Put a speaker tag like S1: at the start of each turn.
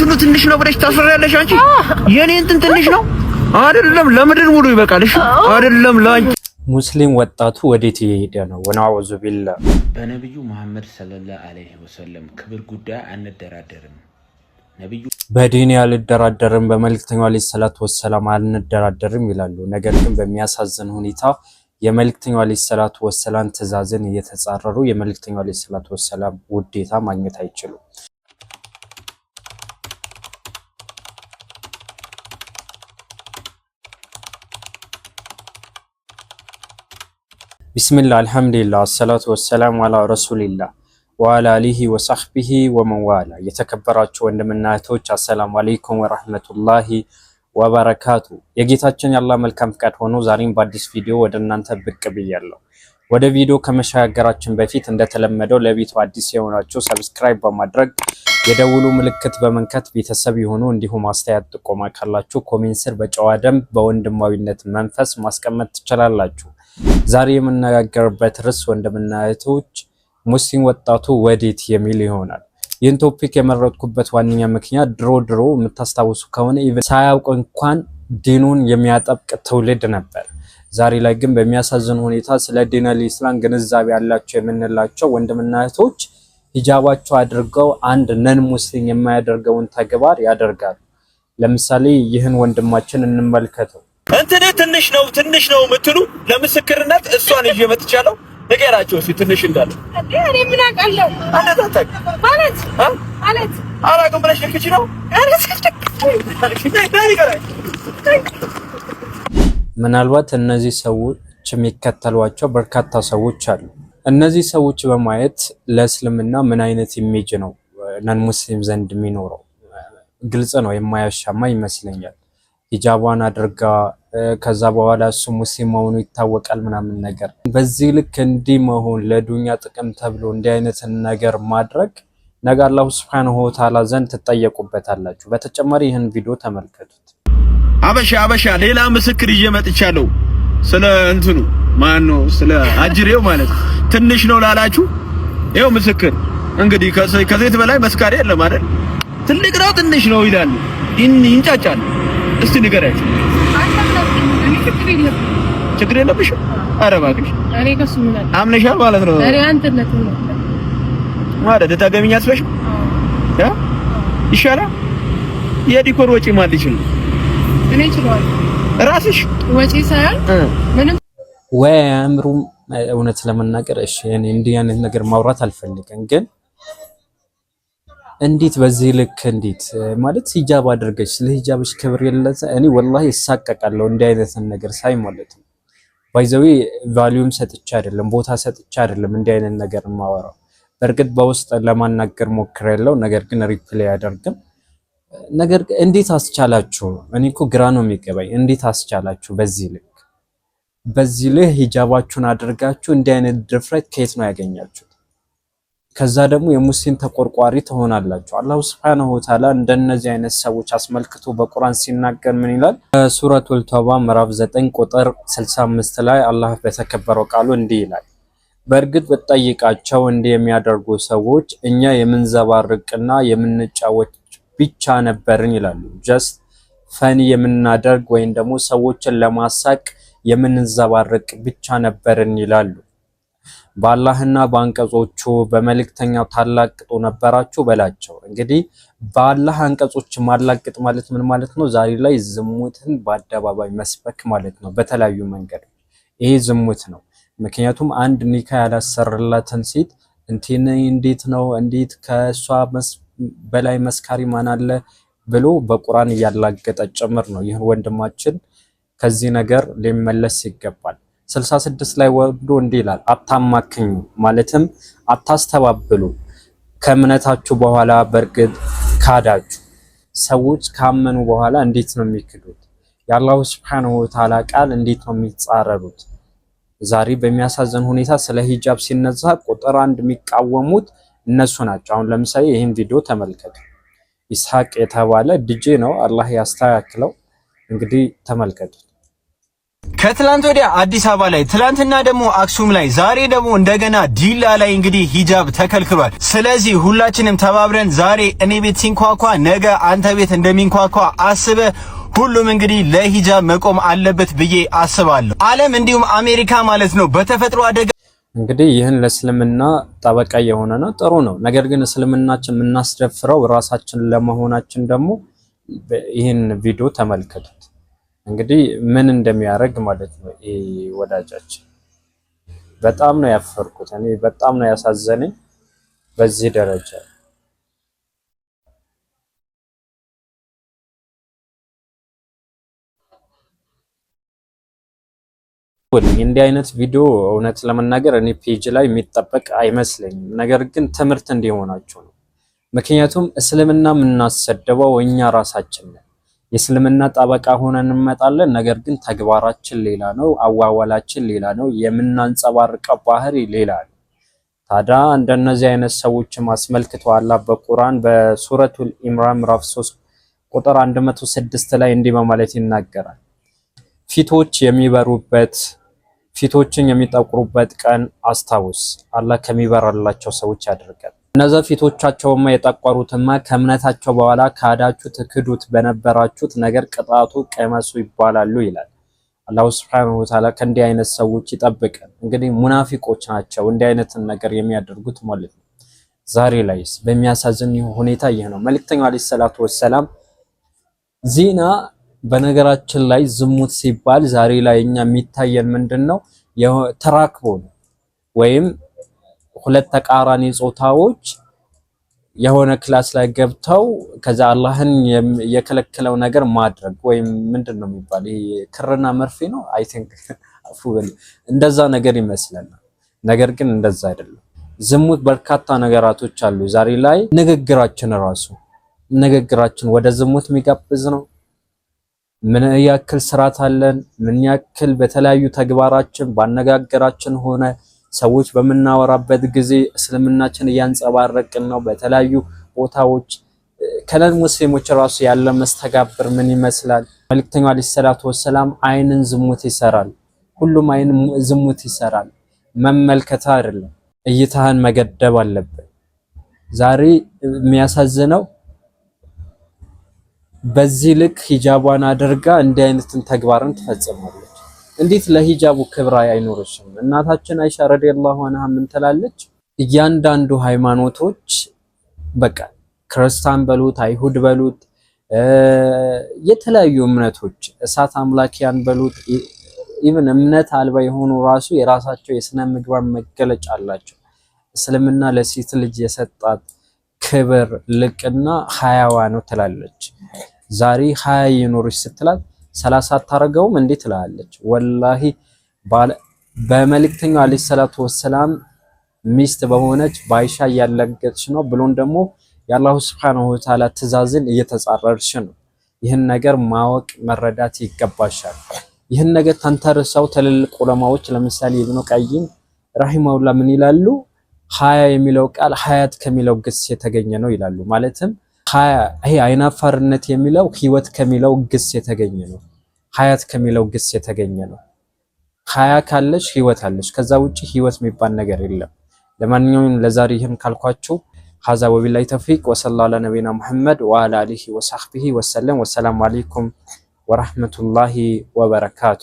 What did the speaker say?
S1: የምትሉ ትንሽ ነው ብለሽ ታስራለሽ አንቺ። የኔ እንትን ትንሽ ነው አይደለም፣ ለምድር ሙሉ ይበቃል። እሺ አይደለም ለአንቺ።
S2: ሙስሊም ወጣቱ ወዴት እየሄደ ነው? ወናውዙ ቢላ።
S3: በነብዩ መሐመድ ሰለላሁ ዐለይሂ ወሰለም ክብር ጉዳይ አንደራደርም።
S2: ነብዩ በዲን አልደራደርም፣ በመልክተኛው ዐለይሂ ሰላቱ ወሰላም አንደራደርም ይላሉ። ነገር ግን በሚያሳዝን ሁኔታ የመልክተኛው ዐለይሂ ሰላቱ ወሰላም ትእዛዝን እየተጻረሩ የመልክተኛው ዐለይሂ ሰላቱ ወሰላም ውዴታ ማግኘት አይችሉም። ቢስሚላ አልሐምዱሊላ አሰላቱ ወሰላም አላ ረሱሊላ ወአላ አሊሂ ወሳህቢሂ ወመንዋላ። የተከበራችሁ ወንድምና እህቶች አሰላሙ አሌይኩም ወረህመቱላሂ ወበረካቱ። የጌታችን ያላ መልካም ፍቃድ ሆኖ ዛሬም በአዲስ ቪዲዮ ወደ እናንተ ብቅ ብያለሁ። ወደ ቪዲዮ ከመሸጋገራችን በፊት እንደተለመደው ለቤቱ አዲስ የሆናችሁ ሰብስክራይብ በማድረግ የደውሉ ምልክት በመንከት ቤተሰብ የሆኑ እንዲሁም አስተያየት ጥቆማ ካላችሁ ኮሜንት ስር በጨዋ ደንብ በወንድማዊነት መንፈስ ማስቀመጥ ትችላላችሁ። ዛሬ የምነጋገርበት ርዕስ ወንድምና ሙስሊም ወጣቱ ወዴት የሚል ይሆናል። ይህን ቶፒክ የመረጥኩበት ዋነኛ ምክንያት ድሮ ድሮ የምታስታውሱ ከሆነ ሳያውቅ እንኳን ዲኑን የሚያጠብቅ ትውልድ ነበር። ዛሬ ላይ ግን በሚያሳዝን ሁኔታ ስለ ዲን አልኢስላም ግንዛቤ ያላቸው የምንላቸው ወንድምና እህቶች ሂጃባቸው አድርገው አንድ ነን ሙስሊም የማያደርገውን ተግባር ያደርጋሉ። ለምሳሌ ይህን ወንድማችን እንመልከተው።
S1: እንትኔ ትንሽ ነው ትንሽ ነው የምትሉ ለምስክርነት እሷን ይዤ መጥቻለሁ። ንገራቸው እስኪ ትንሽ እንዳለ እኔ ምን አውቃለሁ። ማለት ማለት አላውቅም ብለሽ ልክች
S2: ነው። ምናልባት እነዚህ ሰዎች የሚከተሏቸው በርካታ ሰዎች አሉ። እነዚህ ሰዎች በማየት ለእስልምና ምን አይነት ኢሜጅ ነው ነን ሙስሊም ዘንድ የሚኖረው ግልጽ ነው፣ የማያሻማ ይመስለኛል። ሂጃቧን አድርጋ ከዛ በኋላ እሱ ሙስሊም መሆኑ ይታወቃል ምናምን ነገር። በዚህ ልክ እንዲህ መሆን ለዱኛ ጥቅም ተብሎ እንዲህ አይነት ነገር ማድረግ ነገ አላሁ ስብሐነሁ ወተዓላ ዘንድ ትጠየቁበታላችሁ። በተጨማሪ ይህን ቪዲዮ ተመልከቱት።
S1: አበሻ አበሻ ሌላ ምስክር ይዤ መጥቻለሁ። ስለ እንትኑ ማን ነው? ስለ አጅሬው ማለት ትንሽ ነው ላላችሁ ይኸው ምስክር እንግዲህ ከዘይት በላይ መስካሪ የለም አይደል? ትልቅ ነው ትንሽ ነው ይላሉ፣ ይንጫጫሉ። እስቲ ንገራችሁ ችግር የለብሽም። ኧረ እባክሽ አምነሻል ማለት ነው። ማለት ታገቢኝ አስበሽ ይሻላል። የዲኮር ወጪ ማለት እኔ ይችላል ራስሽ
S4: ወጪ ሳይሆን
S2: ምንም ወይ አእምሩም እውነት ለመናገር እሺ፣ እኔ እንዲህ አይነት ነገር ማውራት አልፈልግም ግን እንዴት በዚህ ልክ እንዴት ማለት ሂጃብ አድርገች ስለ ክብር የለት እኔ ወላሂ ይሳቀቃለሁ እንዲህ አይነትን ነገር ሳይ ማለት ነው። ባይዘዊ ቫሊዩም ሰጥቼ አይደለም ቦታ ሰጥቼ አይደለም እንዲህ አይነት ነገር ማወራው። በእርግጥ በውስጥ ለማናገር ሞክር ያለው ነገር ግን ሪፕሌ አያደርግም። ነገር እንዴት አስቻላችሁ? እኔ እኮ ግራ ነው የሚገባኝ። እንዴት አስቻላችሁ በዚህ ልክ በዚህ ልህ ሂጃባችሁን አድርጋችሁ እንዲህ አይነት ድፍረት ከየት ነው ያገኛችሁ? ከዛ ደግሞ የሙስሊም ተቆርቋሪ ትሆናላችሁ። አላሁ ስብሓነሁ ወተዓላ እንደነዚህ አይነት ሰዎች አስመልክቶ በቁርአን ሲናገር ምን ይላል? ሱረቱል ተውባ ምዕራፍ 9 ቁጥር 65 ላይ አላህ በተከበረው ቃሉ እንዲህ ይላል፣ በእርግጥ ብትጠይቃቸው እንዲህ የሚያደርጉ ሰዎች እኛ የምንዘባርቅና የምንጫወት ብቻ ነበርን ይላሉ። ጀስት ፈን የምናደርግ ወይም ደግሞ ሰዎችን ለማሳቅ የምንዘባርቅ ብቻ ነበርን ይላሉ። በአላህና በአንቀጾቹ በመልእክተኛው ታላቅጦ ነበራችሁ በላቸው። እንግዲህ በአላህ አንቀጾች ማላቅጥ ማለት ምን ማለት ነው? ዛሬ ላይ ዝሙትን በአደባባይ መስበክ ማለት ነው፣ በተለያዩ መንገዶች። ይሄ ዝሙት ነው። ምክንያቱም አንድ ኒካ ያላሰርላትን ሴት እንቴን እንዴት ነው እንዴት ከእሷ በላይ መስካሪ ማን አለ ብሎ በቁርአን እያላገጠ ጭምር ነው። ይህን ወንድማችን ከዚህ ነገር ሊመለስ ይገባል። 66 ላይ ወርዶ እንዲህ ይላል፣ አታማክኙ ማለትም አታስተባብሉ፣ ከእምነታችሁ በኋላ በእርግጥ ካዳችሁ። ሰዎች ካመኑ በኋላ እንዴት ነው የሚክዱት? የአላሁ ስብሐነሁ ወተዓላ ቃል እንዴት ነው የሚጻረሩት? ዛሬ በሚያሳዝን ሁኔታ ስለ ሂጃብ ሲነሳ ቁጥር አንድ የሚቃወሙት እነሱ ናቸው። አሁን ለምሳሌ ይህን ቪዲዮ ተመልከቱ። ኢስሐቅ የተባለ ዲጄ ነው፣ አላህ ያስተካክለው። እንግዲህ ተመልከቱት።
S1: ከትላንት ወዲያ አዲስ አበባ ላይ ትላንትና ደግሞ አክሱም ላይ ዛሬ ደግሞ እንደገና ዲላ ላይ እንግዲህ ሂጃብ ተከልክሏል። ስለዚህ ሁላችንም ተባብረን ዛሬ እኔ ቤት ሲንኳኳ ነገ አንተ ቤት እንደሚንኳኳ አስበ ሁሉም እንግዲህ ለሂጃብ መቆም አለበት ብዬ አስባለሁ። ዓለም እንዲሁም አሜሪካ ማለት ነው በተፈጥሮ አደጋ
S2: እንግዲህ ይህን ለእስልምና ጠበቃ የሆነ ነው ጥሩ ነው። ነገር ግን እስልምናችን የምናስደፍረው ራሳችን ለመሆናችን ደግሞ ይህን ቪዲዮ ተመልከቱት። እንግዲህ ምን እንደሚያደርግ ማለት ነው። ይሄ ወዳጃችን በጣም ነው ያፈርኩት፣ እኔ በጣም ነው ያሳዘነኝ። በዚህ ደረጃ እንዲህ አይነት ቪዲዮ እውነት ለመናገር እኔ ፔጅ ላይ የሚጠበቅ አይመስለኝም። ነገር ግን ትምህርት እንዲሆናቸው ነው። ምክንያቱም እስልምና የምናሰደበው እኛ ራሳችን ነን። የእስልምና ጠበቃ ሆነን እንመጣለን። ነገር ግን ተግባራችን ሌላ ነው፣ አዋዋላችን ሌላ ነው፣ የምናንጸባርቀው ባህሪ ሌላ ነው። ታዲያ እንደነዚህ አይነት ሰዎችም አስመልክቶ አላህ በቁርአን በሱረቱል ኢምራን ምዕራፍ 3 ቁጥር 106 ላይ እንዲህ በማለት ይናገራል። ፊቶች የሚበሩበት ፊቶችን የሚጠቁሩበት ቀን አስታውስ። አላህ ከሚበራላቸው ሰዎች ያደርጋል። እነዚ ፊቶቻቸውማ የጠቆሩትማ ከእምነታቸው በኋላ ካዳችሁት ክዱት በነበራችሁት ነገር ቅጣቱ ቅመሱ ይባላሉ ይላል አላሁ ስብሐነሁ ወተዓላ። ከእንዲህ አይነት ሰዎች ይጠብቀን። እንግዲህ ሙናፊቆች ናቸው እንዲህ አይነትን ነገር የሚያደርጉት ማለት ነው። ዛሬ ላይስ በሚያሳዝን ሁኔታ ይህ ነው። መልእክተኛው አለይሂ ሰላቱ ወሰላም ዚና በነገራችን ላይ ዝሙት ሲባል ዛሬ ላይ እኛ የሚታየን ምንድን ነው? ተራክቦ ነው ወይም ሁለት ተቃራኒ ጾታዎች የሆነ ክላስ ላይ ገብተው ከዛ አላህን የከለከለው ነገር ማድረግ ወይም ምንድን ነው የሚባል ይሄ ክርና መርፌ ነው አይ ቲንክ እንደዛ ነገር ይመስለናል። ነገር ግን እንደዛ አይደለም። ዝሙት በርካታ ነገራቶች አሉ። ዛሬ ላይ ንግግራችን ራሱ ንግግራችን ወደ ዝሙት የሚጋብዝ ነው። ምን ያክል ስርዓት አለን? ምን ያክል በተለያዩ ተግባራችን ባነጋገራችን ሆነ ሰዎች በምናወራበት ጊዜ እስልምናችን እያንጸባረቅን ነው። በተለያዩ ቦታዎች ከነን ሙስሊሞች ራሱ ያለ መስተጋብር ምን ይመስላል? መልክተኛው አለይሂ ሰላቱ ወሰላም አይንን ዝሙት ይሰራል። ሁሉም አይን ዝሙት ይሰራል። መመልከታ አይደለም እይታህን መገደብ አለብን። ዛሬ የሚያሳዝነው በዚህ ልክ ሂጃቧን አድርጋ እንዲህ አይነትን ተግባርን ትፈጽማለች። እንዴት ለሂጃቡ ክብር አይኖርሽም? እናታችን አይሻ ረዲየላሁ ዐንሃ ምን ትላለች? እያንዳንዱ ሃይማኖቶች በቃ ክርስቲያን በሉት አይሁድ በሉት የተለያዩ እምነቶች እሳት አምላኪያን በሉት ኢቭን እምነት አልባ የሆኑ ራሱ የራሳቸው የስነ ምግባር መገለጫ አላቸው። እስልምና ለሴት ልጅ የሰጣት ክብር ልቅና ሀያዋ ነው ትላለች። ዛሬ ሀያ ይኖርሽ ስትላት ሰላሳ አታረገውም እንዴት ትላለች። ወላሂ በመልእክተኛው አለይሂ ሰላቱ ወሰላም ሚስት በሆነች ባይሻ እያለገጥሽ ነው ብሎን ደግሞ የአላሁ ስብሐነሁ ወተዓላ ትእዛዝን እየተጻረርሽ ነው። ይህን ነገር ማወቅ መረዳት ይገባሻል። ይህን ነገር ተንተርሰው ትልልቅ ዑለማዎች ለምሳሌ ኢብኑ ቀይም ረሂመሁላ ምን ይላሉ? ሀያ የሚለው ቃል ሀያት ከሚለው ግስ የተገኘ ነው ይላሉ። ማለትም ይሄ አይናፋርነት የሚለው ህይወት ከሚለው ግስ የተገኘ ነው። ሀያት ከሚለው ግስ የተገኘ ነው። ሀያ ካለች ህይወት አለች። ከዛ ውጭ ህይወት የሚባል ነገር የለም። ለማንኛውም ለዛሬ ይህን ካልኳችሁ ሀዛ ወቢላይ ተውፊቅ ወሰላ አላ ነቢና ሙሐመድ ወአላ አሊሂ ወሳህቢሂ ወሰለም። ወሰላሙ አሌይኩም ወረህመቱላሂ ወበረካቱ።